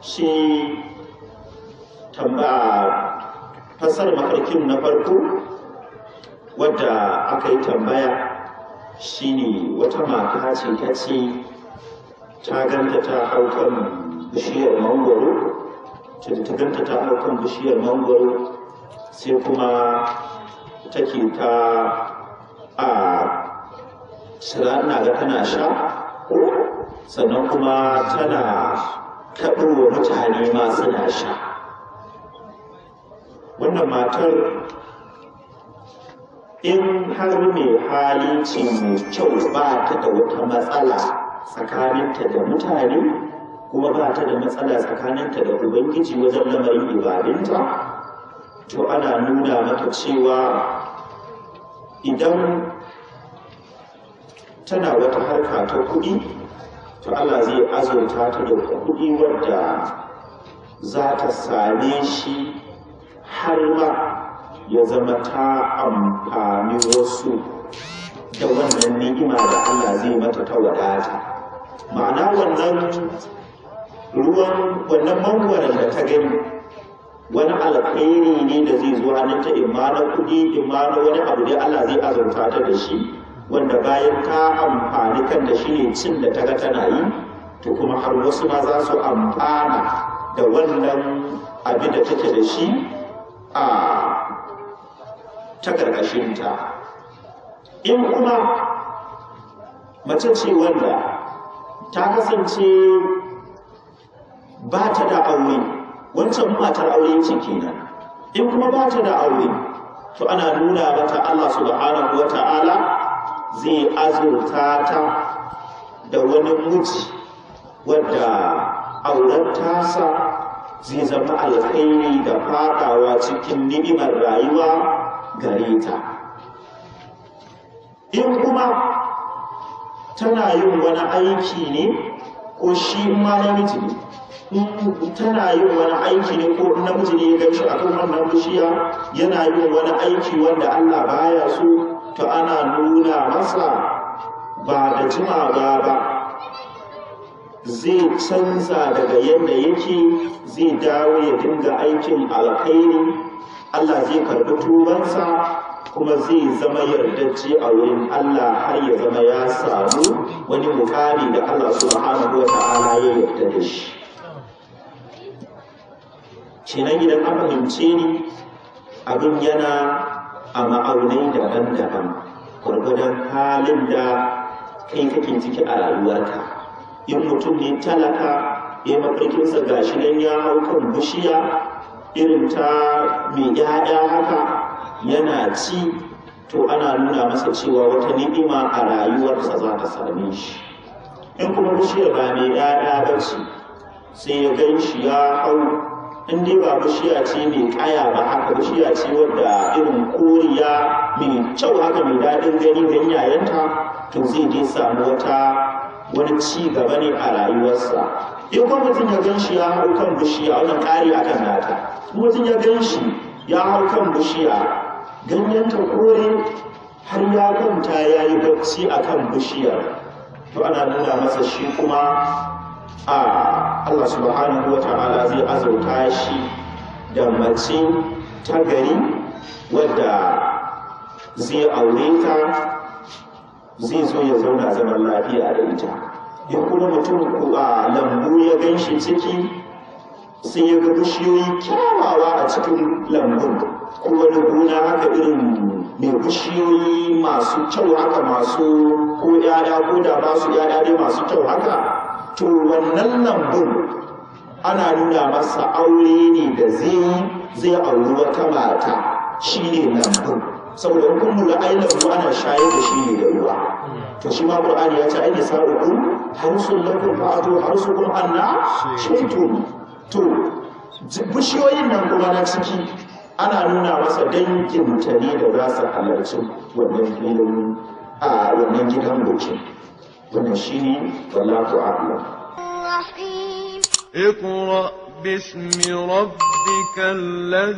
shi fasar mafarkin na farko wadda aka yi tambaya shine wata mata ce ta ce ta ganta ta haukan bishiyar mangoro ta ganta ta haukan bishiyar mangoro sai kuma take ta a shira na ga tana sha sannan kuma tana taɓo wa mutane ma suna sha wannan matar in har mai hali mai kyau ba ta da wata matsala tsakaninta da mutane kuma ba ta da matsala tsakaninta da ubangiji wajen lamarin ibadinta to ana nuna mata cewa idan tana wata harka ta kuɗi to ana zai azurta ta da kuɗi wadda za ta same shi har ma ya zama ta amfani wasu da wannan ni'ima da Allah zai mata ta wadata ma'ana wannan ruwan wannan mangwaron da ta gani wani alkhairi ne da zai zuwa nan ta imma kuɗi imma wani abu dai Allah zai azurta ta da shi wanda bayan ka amfani kan da shi ne cin da ta ga tana yi to kuma har wasu ma za su amfana da wannan abin da take da shi a ta in kuma mace ce wanda ta kasance ba ta da aure wancan matar aure ce kenan in kuma ba ta da aure to ana nuna mata Allah subhanahu wa ta'ala zai azurta ta da wani muci wadda auren tasa zai zama alkhairi da fadawa cikin ni'imar rayuwa gare ta in kuma tana yin wani aiki ne ko shi ma namiji ne tana yin wani aiki ne ko namiji ne ya gaishe kan wannan bishiya yana yin wani aiki wanda Allah baya so to ana nuna masa ba da jimawa ba zai canza daga yadda yake zai dawo ya dinga aikin alkhairi Allah zai karbi tubansa kuma zai zama yardacce a wurin Allah har ya zama ya samu wani mukami da Allah subhanahu wa ta'ala ya yarda da shi kenan idan an fahimce ni abin yana a ma'aunai daban-daban gwargwadon halin da kai kake ciki a rayuwarka in mutum ne talaka ya mafarkinsa ga shi nan ya hau kan bishiya irin ta mai ya'ya haka yana ci to ana nuna masa cewa wata ni'ima a rayuwarsa za ta same shi in kuma bishiyar ba mai ya'ya ba ce sai ya gan shi ya hau in dai ba bishiya ce mai kaya ba haka bishiya ce wadda irin koriya mai kyau haka mai daɗin gani ganyayenta to zai dai samu wata wani ci gaba ne a rayuwarsa in kuma mutum ya gan shi ya hau kan bishiya wani ƙari a kan nata mutum ya gan shi ya hau kan bishiya ganyenta kore har ya kwanta ya yi bacci a kan bishiyar to ana nuna masa shi kuma a Allah subhanahu wa ta'ala zai azauta shi da mace ta gari wadda zai aure ta zai zo ya zauna zaman lafiya da ita in kuma mutum a lambu ya gan shi ciki sun yi ga bishiyoyi kyawawa a cikin lambun Kuma da gona haka irin mai bishiyoyi masu kyau haka masu ko yaya ko da ba su yaya dai masu kyau haka to wannan lambun ana nuna masa aure ne da zai zai auri wata mata shi ne lambun saboda hukun mula ainihin ruwa na shayar da shi ne da ruwa to shi ma qur'ani ya ce ai nisa'ukum harsul har fa'atu harsukum anna shaytum to bishiyoyin nan kuma na ciki ana nuna masa dangin ta da za su halarci wannan filin a wannan gidan bikin تمشيه فلا تعلم اقرأ باسم ربك الذي